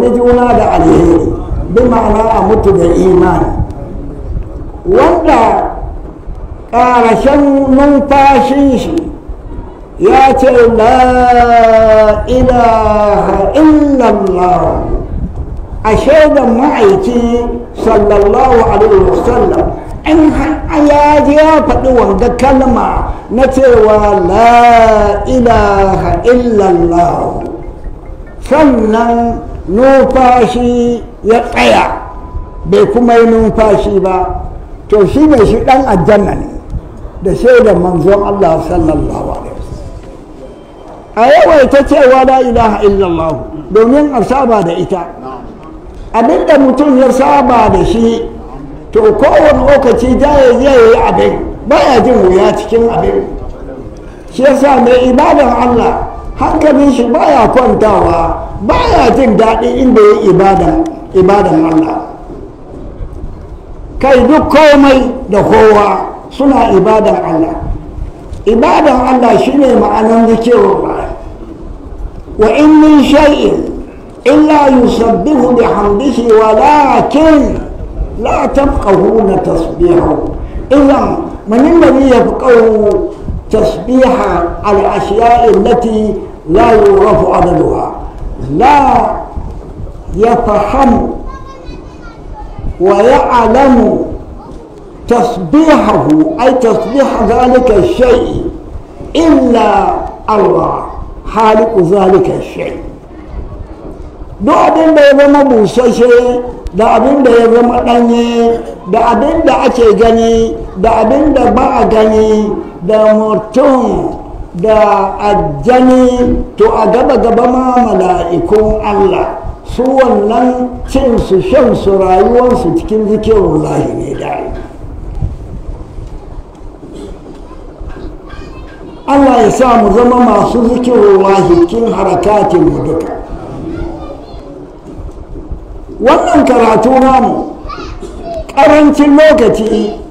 نجونا عليه بمعنى أمت بالإيمان وانا قال شن ننطاشيش يا لا إله إلا الله أشهد معيتي صلى الله عليه وسلم إن حيا جيا فتوى كلمة نتوى لا إله إلا الله فلن numfashi ya tsaya bai kuma yi numfashi ba to shi ne shi ɗan aljanna ne da shaidar manzon Allah sallallahu alaihi a yawaita cewa la ilaha illallah domin a saba da ita abinda mutum ya saba da shi to kowane lokaci jaye zai yi abin baya jin wuya cikin abin shi yasa mai ibadan Allah hankalin shi baya kwantawa baya jin daɗi inda ya ibada ibadan Allah kai duk komai da kowa suna ibadan Allah ibadan Allah shine ma'anan ba wa in min shay'in illa yusabbihu bihamdihi walakin la tafqahuna tasbihahu idan من الذي يفقه تسبيح الأشياء التي لا يعرف عددها لا يفهم ويعلم تصبيحه أي تصبيح ذلك الشيء إلا الله خالق ذلك الشيء duk abin da ya zama busashe da abin da ya zama ɗanye da abin da ake gani da abin da ba a gani da mutum da ajjani to a gaba gaba ma mala'ikun Allah su wannan cinsu shansu rayuwarsu cikin zikirin lahi ne da Allah ya sa mu zama masu zikirin lahi cikin harakatin mu duka wannan karatu namu karancin lokaci